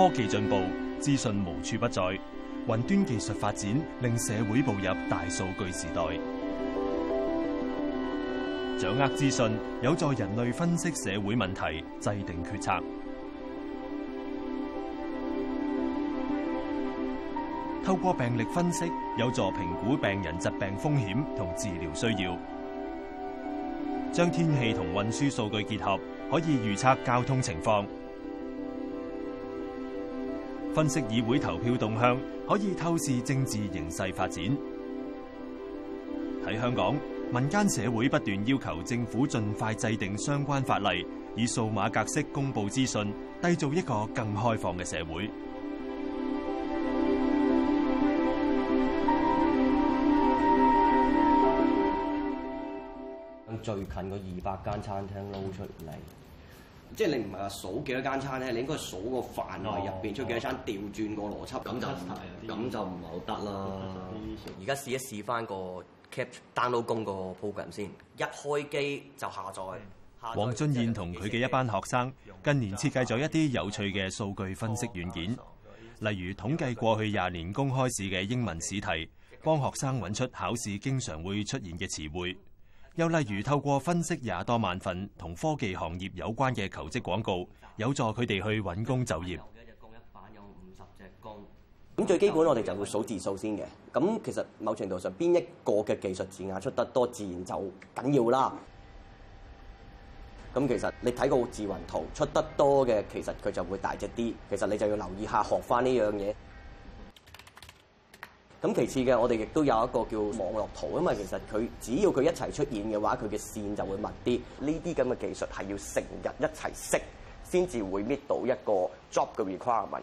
科技進步，資訊無處不在。雲端技術發展令社會步入大數據時代。掌握資訊有助人類分析社會問題、制定決策。透過病歷分析有助評估病人疾病風險同治療需要。將天氣同運輸數據結合，可以預測交通情況。分析議會投票動向，可以透視政治形勢發展。喺香港，民間社會不斷要求政府盡快制定相關法例，以數碼格式公布資訊，締造一個更開放嘅社會。最近嘅二百間餐廳撈出嚟。即係你唔係話數幾多間餐咧，你應該數個飯台入面出幾多餐，哦哦、調轉個邏輯。咁、哦、就唔，咁就唔係好得啦。而家試一試翻個 cap download program 先，一開機就下載。黃俊賢同佢嘅一班學生近年設計咗一啲有趣嘅數據分析軟件，例如統計過去廿年公開試嘅英文試題，幫學生揾出考試經常會出現嘅詞彙。又例如透過分析廿多萬份同科技行業有關嘅求職廣告，有助佢哋去揾工就業。咁最基本我哋就會數字數先嘅。咁其實某程度上邊一個嘅技術字眼出得多，自然就緊要啦。咁其實你睇個字雲圖出得多嘅，其實佢就會大隻啲。其實你就要留意下學翻呢樣嘢。咁其次嘅，我哋亦都有一個叫網絡圖，因為其實佢只要佢一齊出現嘅話，佢嘅線就會密啲。呢啲咁嘅技術係要成日一齊識，先至會搣到一個 job 嘅 requirement。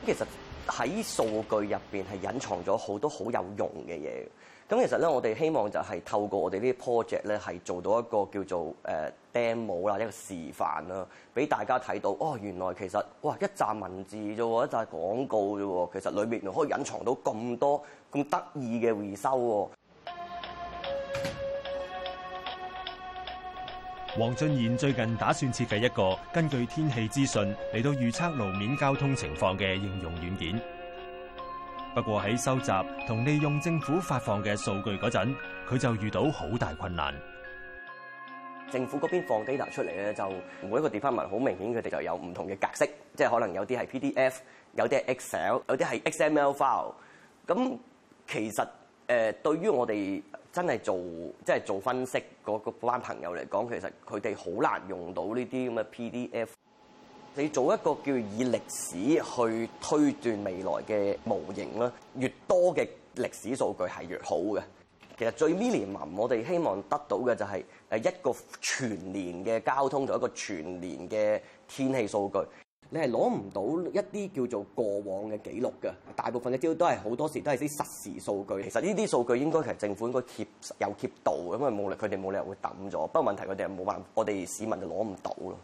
咁其實喺數據入邊係隱藏咗好多好有用嘅嘢。咁其實咧，我哋希望就係透過我哋呢啲 project 咧，係做到一個叫做 demo 啦，一個示範啦，俾大家睇到，哦，原來其實，哇，一紮文字啫喎，一紮廣告啫喎，其實裏面可以隱藏到咁多咁得意嘅回收喎、哦。黃俊賢最近打算設計一個根據天氣資訊嚟到預測路面交通情況嘅應用軟件。不過喺收集同利用政府發放嘅數據嗰陣，佢就遇到好大困難。政府嗰邊放 data 出嚟咧，就每一個 department 好明顯，佢哋就有唔同嘅格式，即係可能有啲係 PDF，有啲係 Excel，有啲係 XML file。咁其實誒，對於我哋真係做即係做分析嗰班朋友嚟講，其實佢哋好難用到呢啲咁嘅 PDF。你做一個叫以歷史去推斷未來嘅模型咧，越多嘅歷史數據係越好嘅。其實最 minimum 我哋希望得到嘅就係誒一個全年嘅交通同一個全年嘅天氣數據。你係攞唔到一啲叫做過往嘅記錄嘅，大部分嘅資料都係好多時都係啲實時數據。其實呢啲數據應該，其實政府應該 keep 有 keep 到，因為冇理由，佢哋冇理由會抌咗。不過問題佢哋係冇辦法，我哋市民就攞唔到咯。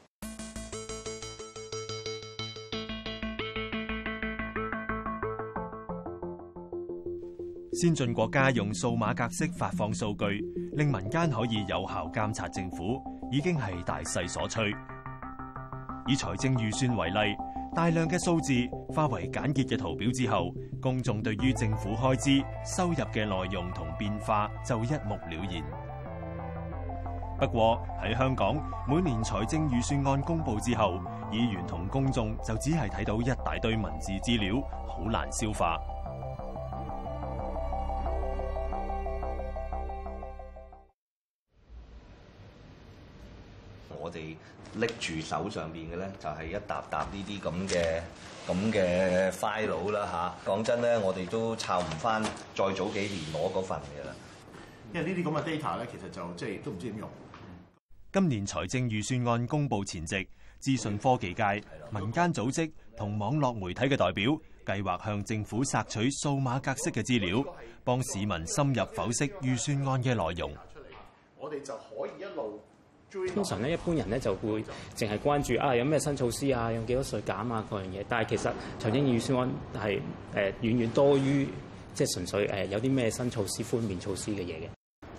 先進國家用數碼格式發放數據，令民間可以有效監察政府，已經係大勢所趨。以財政預算為例，大量嘅數字化為簡潔嘅圖表之後，公眾對於政府開支、收入嘅內容同變化就一目了然。不過喺香港，每年財政預算案公布之後，議員同公眾就只係睇到一大堆文字資料，好難消化。拎住手上邊嘅咧，就係一沓沓呢啲咁嘅咁嘅 file 啦嚇。講真咧，我哋都抄唔翻再早幾年攞嗰份嘅啦，因為呢啲咁嘅 data 咧，其實就即係都唔知點用。今年財政預算案公佈前夕，資訊科技界、民間組織同網絡媒體嘅代表，計劃向政府索取數碼格式嘅資料，幫市民深入剖析預算案嘅內容。我哋就可以一路。通常咧，一般人咧就會淨係關注啊，有咩新措施啊，有幾多稅減啊各樣嘢。但係其實財政預算案係誒遠遠多於即係、就是、純粹誒、呃、有啲咩新措施、寬免措施嘅嘢嘅。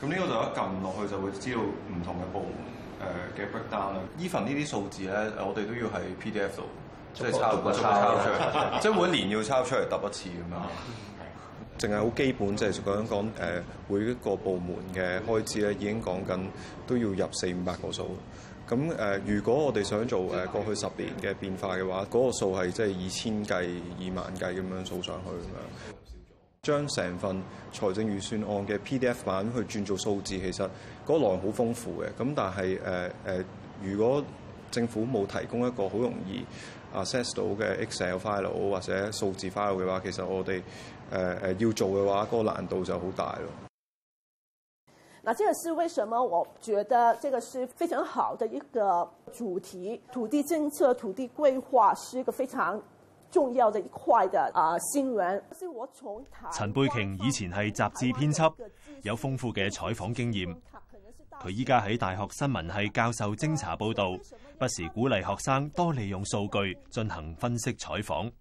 咁呢個就一撳落去就會知道唔同嘅部門誒嘅、呃、breakdown Even 呢啲數字咧，我哋都要喺 PDF 度即係、就是、抄過抄，抄出嚟來，即係 每年要抄出嚟揼一次咁樣。 淨係好基本，即係咁樣講誒，每一個部門嘅開支咧，已經講緊都要入四五百個數。咁誒，如果我哋想做誒過去十年嘅變化嘅話，嗰個數係即係二千計、二萬計咁樣數上去咁樣。將成份財政預算案嘅 PDF 版去轉做數字，其實嗰內容好豐富嘅。咁但係誒誒，如果政府冇提供一個好容易 access 到嘅 Excel file 或者數字 file 嘅話，其實我哋誒誒要做嘅話，嗰、那個難度就好大咯。嗱，這個是為什麼我覺得這個是非常好的一個主題。土地政策、土地規劃是一個非常重要的一塊的啊新聞。陳貝晴以前係雜誌編輯，有豐富嘅採訪經驗。佢依家喺大學新聞係教授偵查報道，不時鼓勵學生多利用數據進行分析採訪。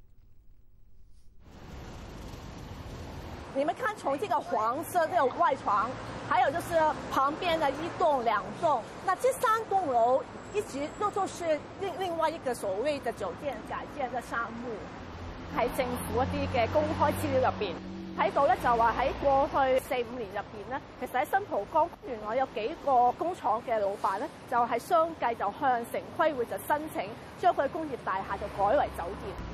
你們看，從這個黃色這種外床，還有就是旁邊的一棟兩棟，那這三棟樓，一直都就是另另外一個所謂的酒店，就建的個三戶。喺政府一啲嘅公開資料入邊，喺到咧就話喺過去四五年入邊咧，其實喺新浦江原來有幾個工廠嘅老闆咧，就係相繼就向城規會就申請，將佢工業大廈就改為酒店。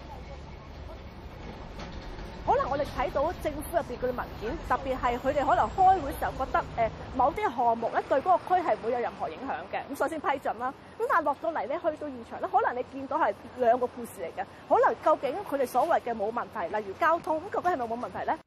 睇到政府入邊啲文件，特別係佢哋可能開會時候覺得，誒，某啲項目咧對嗰個區係沒有任何影響嘅，咁首先批准啦。咁但係落到嚟咧，去到現場咧，可能你見到係兩個故事嚟嘅。可能究竟佢哋所謂嘅冇問題，例如交通，究竟係咪冇問題咧？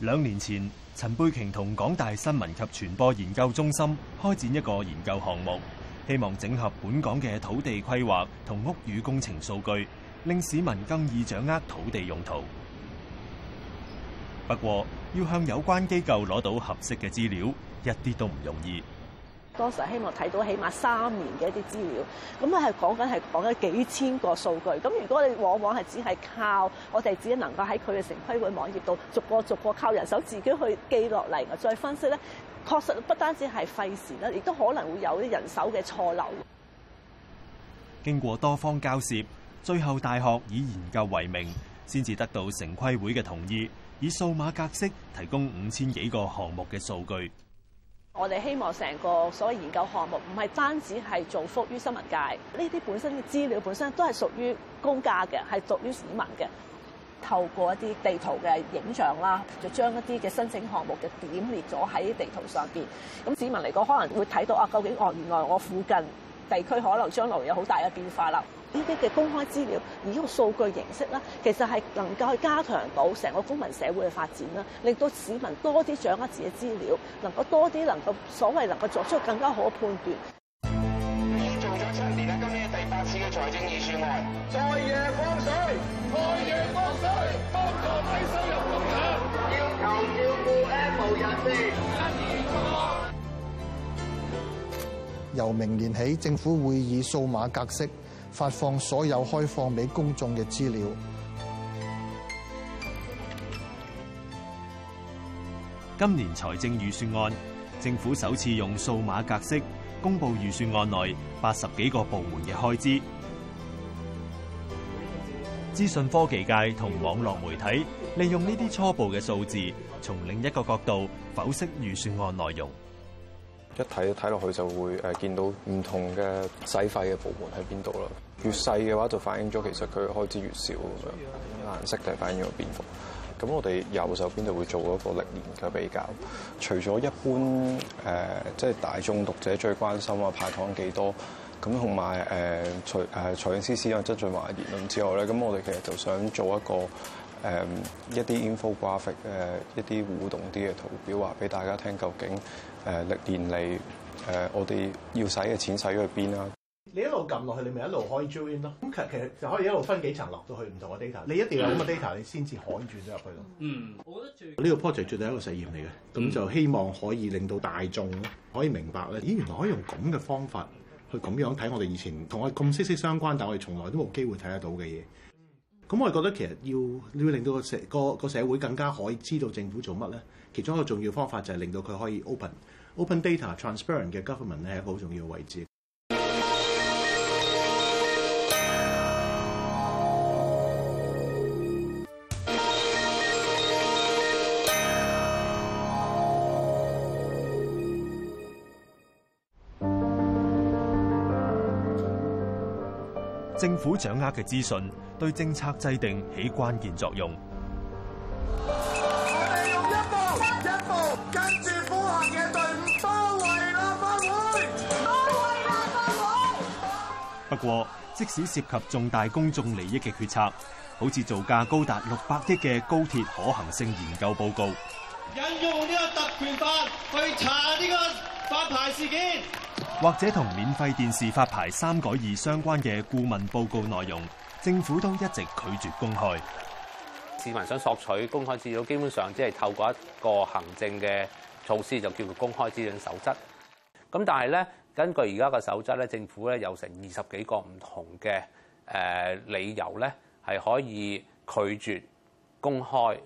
兩年前，陳貝瓊同港大新聞及傳播研究中心開展一個研究項目。希望整合本港嘅土地規劃同屋宇工程數據，令市民更易掌握土地用途。不過，要向有關機構攞到合適嘅資料，一啲都唔容易。當時希望睇到起碼三年嘅一啲資料，咁啊，係講緊，係講緊幾千個數據。咁如果你往往係只係靠我哋只能夠喺佢嘅城規會網頁度逐個逐個靠人手自己去記落嚟，再分析咧，確實不單止係費事，啦，亦都可能會有啲人手嘅錯漏。經過多方交涉，最後大學以研究為名，先至得到城規會嘅同意，以數碼格式提供五千幾個項目嘅數據。我哋希望成個所謂研究項目唔係單止係造福於新聞界，呢啲本身嘅資料本身都係屬於公家嘅，係屬於市民嘅。透過一啲地圖嘅影像啦，就將一啲嘅申請項目嘅點列咗喺地圖上邊。咁市民嚟講，可能會睇到啊，究竟哦，原來我附近地區可能將來有好大嘅變化啦。呢啲嘅公開資料，以呢個數據形式啦，其實係能夠加強到成個公民社會嘅發展啦，令到市民多啲掌握自己嘅資料，能夠多啲能夠所謂能夠作出更加好嘅判斷。已經做咗七年啦，今年嘅第八次嘅財政預算案。再夜放水。愛也無須，幫助低收入長者，要求照顧 M 人士。由明年起，政府會以數碼格式發放所有開放俾公眾嘅資料。今年財政預算案，政府首次用數碼格式公布預算案內八十幾個部門嘅開支。資訊科技界同網絡媒體利用呢啲初步嘅數字，從另一個角度剖析預算案內容一看。一睇睇落去就會誒見到唔同嘅使費嘅部門喺邊度啦。越細嘅話就反映咗其實佢開支越少咁樣。顏色就反映咗個變化。咁我哋右手邊就會做一個歷年嘅比較。除咗一般誒，即、呃、係、就是、大眾讀者最關心啊，派糖幾多？咁同埋誒財誒財政司司長啊，曾俊華嘅言論之後咧，咁我哋其實就想做一個誒、呃、一啲 infographic 誒、呃、一啲互動啲嘅圖表，話俾大家聽，究竟誒歷、呃、年嚟誒、呃、我哋要使嘅錢使咗去邊啦？你一路撳落去，你咪一路可以 join 咯。咁其其實就可以一路分幾層落到去唔同嘅 data。你一定要有咁嘅 data，你先至可以轉咗入去咯。嗯，我覺得呢個 project 絕對係一個實驗嚟嘅，咁就希望可以令到大眾可以明白咧。咦，原來可以用咁嘅方法。去咁樣睇我哋以前，同我哋咁息息相關，但係我哋從來都冇機會睇得到嘅嘢。咁我哋覺得其實要要令到個社個個社會更加可以知道政府做乜咧，其中一個重要方法就係令到佢可以 open open data transparent 嘅 government 呢，係一個好重要嘅位置。政府掌握嘅資訊對政策制定起關鍵作用。我哋用一步一步步跟住行的隊伍包圍。不過，即使涉及重大公眾利益嘅決策，好似造價高達六百億嘅高鐵可行性研究報告，引用呢個特權法去查呢個發牌事件。或者同免費電視發牌三改二相關嘅顧問報告內容，政府都一直拒絕公開。市民想索取公開資料，基本上即係透過一個行政嘅措施，就叫做公開資料守則。咁但係咧，根據而家嘅守則咧，政府咧有成二十幾個唔同嘅誒理由咧，係可以拒絕公開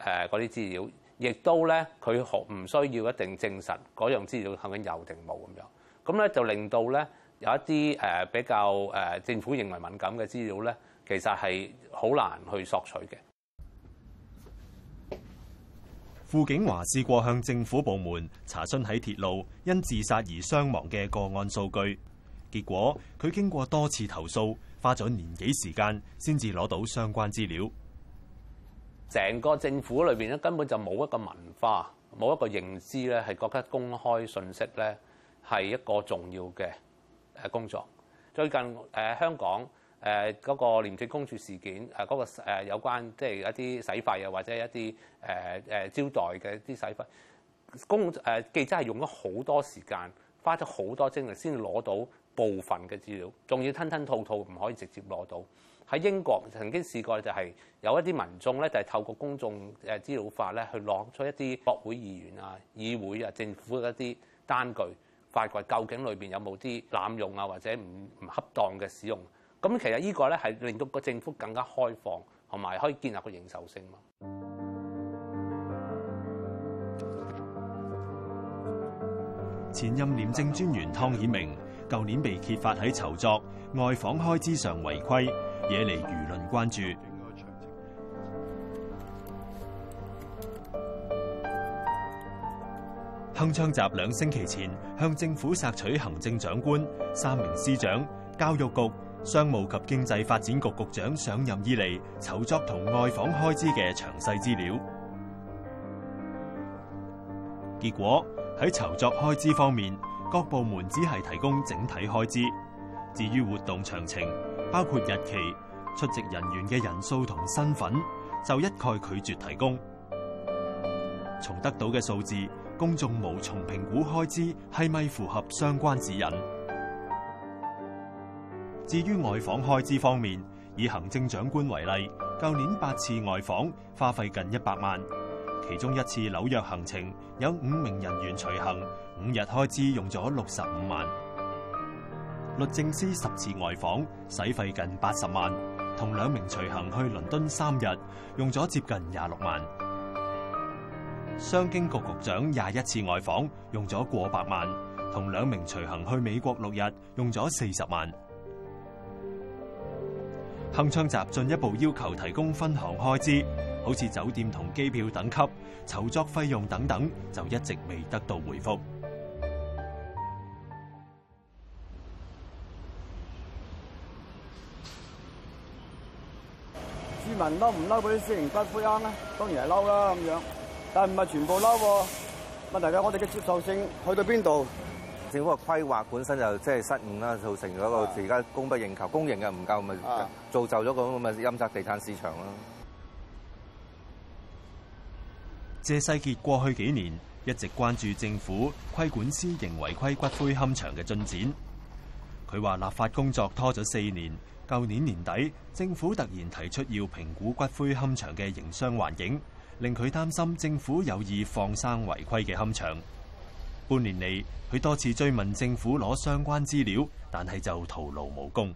誒嗰啲資料，亦都咧佢唔需要一定證實嗰樣資料究竟有定冇咁樣。咁咧就令到咧有一啲誒比較誒政府認為敏感嘅資料咧，其實係好難去索取嘅。傅景華試過向政府部門查詢喺鐵路因自殺而傷亡嘅個案數據，結果佢經過多次投訴，花咗年幾時間先至攞到相關資料。成個政府裏邊咧根本就冇一個文化，冇一個認知咧係覺得公開信息咧。係一個重要嘅誒工作。最近誒、呃、香港誒嗰、呃那個廉政公署事件誒嗰、呃那個、呃、有關即係一啲洗費啊或者一啲誒誒招待嘅一啲洗費，公誒、呃、記者係用咗好多時間，花咗好多精力先攞到部分嘅資料，仲要吞吞吐吐，唔可以直接攞到。喺英國曾經試過就係、是、有一啲民眾咧就係、是、透過公眾誒資料法咧去攞出一啲國會議員啊、議會啊、政府嘅一啲單據。發掘究竟裏邊有冇啲濫用啊，或者唔唔恰當嘅使用？咁其實呢個咧係令到個政府更加開放，同埋可以建立個認受性嘛。前任廉政專員湯顯明，舊年被揭發喺籌作外訪開支上違規，惹嚟輿論關注。鏗鏘集兩星期前向政府索取行政長官、三名司長、教育局、商務及經濟發展局局長上任以嚟酬酢同外訪開支嘅詳細資料，結果喺酬酢開支方面，各部門只係提供整體開支。至於活動詳情，包括日期、出席人員嘅人數同身份，就一概拒絕提供。從得到嘅數字。公眾無從評估開支係咪符合相關指引。至於外訪開支方面，以行政長官為例，舊年八次外訪，花費近一百萬，其中一次紐約行程有五名人員隨行，五日開支用咗六十五萬。律政司十次外訪，使費近八十萬，同兩名隨行去倫敦三日，用咗接近廿六萬。商經局局長廿一次外訪用咗過百萬，同兩名隨行去美國六日用咗四十萬。恒昌集進一步要求提供分行開支，好似酒店同機票等級、籌作費用等等，就一直未得到回覆。市民嬲唔嬲佢啲私營不灰衍咧？當然係嬲啦，咁樣。但唔係全部撈喎，問題係我哋嘅接受性去到邊度？政府嘅規劃本身就即係失誤啦，造成嗰個而家供不應求，供應嘅唔夠咪造就咗咁嘅陰宅地產市場啦。謝世傑過去幾年一直關注政府規管私營違規骨灰龕場嘅進展，佢話立法工作拖咗四年，舊年年底政府突然提出要評估骨灰龕場嘅營商環境。令佢擔心，政府有意放生違規嘅龕場。半年嚟，佢多次追問政府攞相關資料，但係就徒勞無功。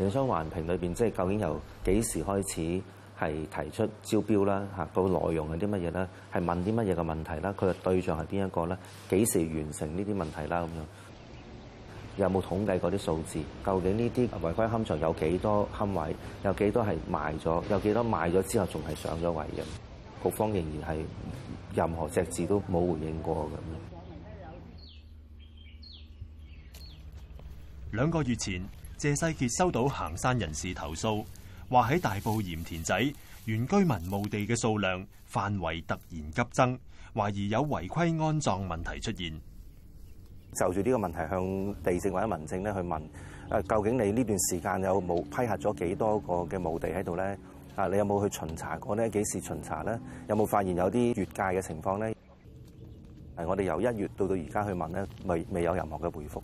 營商環評裏邊，即係究竟由幾時開始係提出招標啦？嚇到內容係啲乜嘢啦？係問啲乜嘢嘅問題啦？佢嘅對象係邊一個啦？幾時完成呢啲問題啦？咁樣有冇統計過啲數字？究竟呢啲違規龕場有幾多龕位？有幾多係賣咗？有幾多賣咗之後仲係上咗位嘅？局方仍然係任何隻字都冇回應過咁樣。兩個月前，謝世傑收到行山人士投訴，話喺大埔鹽田仔原居民墓地嘅數量範圍突然急增，懷疑有違規安葬問題出現。就住呢個問題向地政或者民政呢去問，誒，究竟你呢段時間有冇批核咗幾多個嘅墓地喺度呢？啊！你有冇去巡查過呢？幾時巡查咧？有冇發現有啲越界嘅情況咧？我哋由一月到到而家去問咧，未未有任何嘅回覆。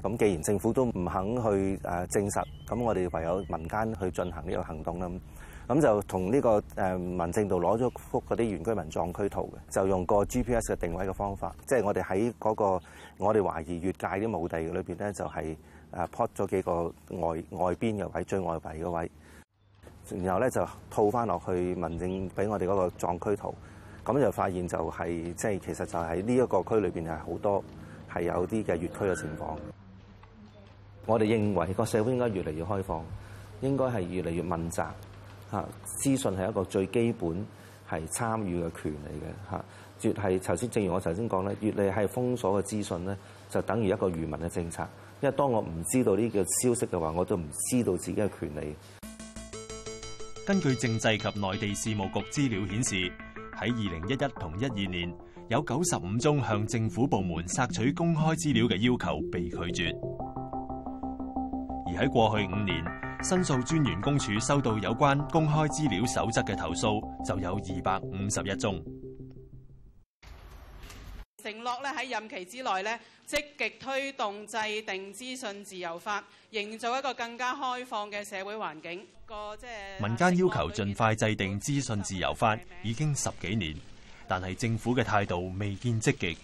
咁既然政府都唔肯去誒、呃、證實，咁我哋唯有民間去進行呢個行動啦。咁就同呢個、呃、民政度攞咗幅嗰啲原居民葬區圖嘅，就用個 G P S 嘅定位嘅方法，即係我哋喺嗰個我哋懷疑越界啲墓地裏面咧，就係誒 po 咗幾個外外邊嘅位，最外圍嘅位。然後咧就套翻落去民政俾我哋嗰個藏區圖，咁就發現就係即係其實就喺呢一個區裏邊係好多係有啲嘅越區嘅情況。我哋認為個社會應該越嚟越開放，應該係越嚟越問責嚇。資訊係一個最基本係參與嘅權利嘅嚇。越係頭先，正如我頭先講咧，越嚟係封鎖嘅資訊咧，就等於一個愚民嘅政策。因為當我唔知道呢個消息嘅話，我都唔知道自己嘅權利。根據政制及內地事務局資料顯示，喺二零一一同一二年，有九十五宗向政府部門索取公開資料嘅要求被拒絕；而喺過去五年，申訴專員公署收到有關公開資料守則嘅投訴就有二百五十一宗。承諾咧喺任期之內咧，積極推動制定資訊自由法，營造一個更加開放嘅社會環境。個即民間要求盡快制定資訊自由法已經十幾年，但係政府嘅態度未見積極，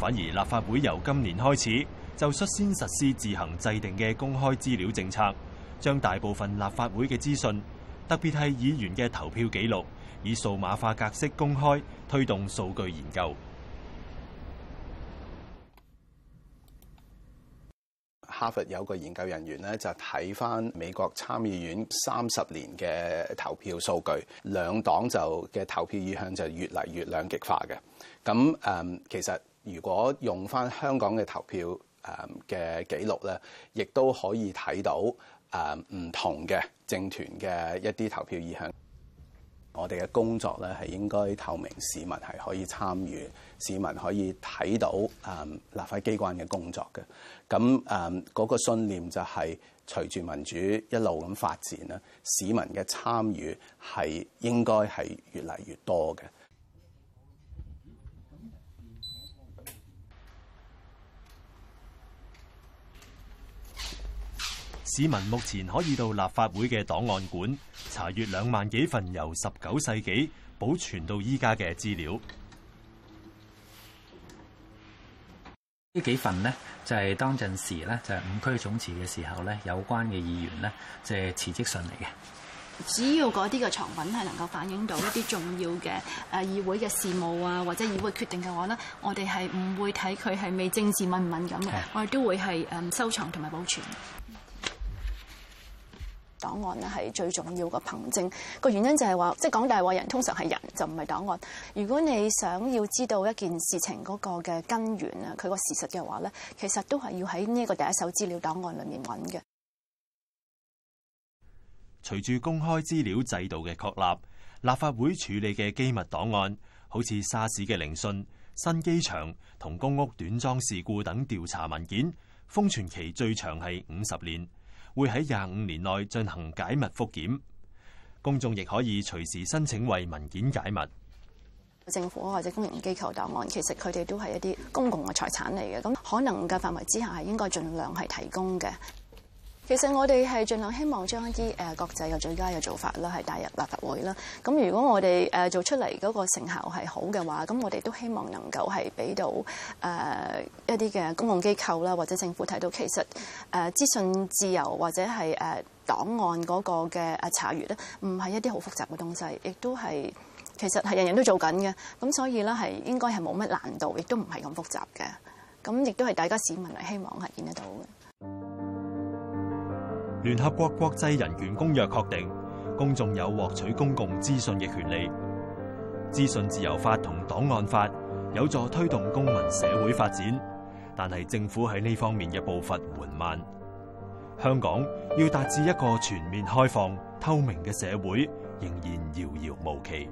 反而立法會由今年開始就率先實施自行制定嘅公開資料政策，將大部分立法會嘅資訊，特別係議員嘅投票記錄。以數碼化格式公開，推動數據研究。哈佛有個研究人員咧，就睇翻美國參議院三十年嘅投票數據，兩黨就嘅投票意向就越嚟越兩極化嘅。咁誒、嗯，其實如果用翻香港嘅投票誒嘅、嗯、記錄咧，亦都可以睇到誒唔、嗯、同嘅政團嘅一啲投票意向。我哋嘅工作咧係應該透明，市民係可以參與，市民可以睇到誒立法機關嘅工作嘅。咁誒、嗰個信念就係隨住民主一路咁發展啦，市民嘅參與係應該係越嚟越多嘅。市民目前可以到立法會嘅檔案館查閱兩萬幾份由十九世紀保存到依家嘅資料。呢幾份呢，就係當陣時呢，就係五區總辭嘅時候呢，有關嘅議員呢，即係辭職信嚟嘅。只要嗰啲嘅藏品係能夠反映到一啲重要嘅誒議會嘅事務啊，或者議會決定嘅話呢，我哋係唔會睇佢係未政治敏唔敏感嘅，的我哋都會係誒收藏同埋保存。檔案咧係最重要嘅憑證，個原因就係話，即係講大話人通常係人就唔係檔案。如果你想要知道一件事情嗰個嘅根源啊，佢個事實嘅話呢，其實都係要喺呢個第一手資料檔案裡面揾嘅。隨住公開資料制度嘅確立，立法會處理嘅機密檔案，好似沙士嘅聆訊、新機場同公屋短裝事故等調查文件，封存期最長係五十年。會喺廿五年內進行解密覆檢，公眾亦可以隨時申請為文件解密。政府或者公營機構檔案，其實佢哋都係一啲公共嘅財產嚟嘅，咁可能嘅範圍之下係應該盡量係提供嘅。其實我哋係盡量希望將一啲誒國際嘅最佳嘅做法啦，係帶入立法會啦。咁如果我哋誒做出嚟嗰個成效係好嘅話，咁我哋都希望能夠係俾到誒、呃、一啲嘅公共機構啦，或者政府睇到，其實誒、呃、資訊自由或者係誒、呃、檔案嗰個嘅啊查閱咧，唔係一啲好複雜嘅東西，亦都係其實係人人都做緊嘅。咁所以咧係應該係冇乜難度，亦都唔係咁複雜嘅。咁亦都係大家市民係希望係見得到嘅。聯合國國際人權公約確定，公眾有獲取公共資訊嘅權利。資訊自由法同檔案法有助推動公民社會發展，但係政府喺呢方面嘅步伐緩慢。香港要達至一個全面開放、透明嘅社會，仍然遙遙無期。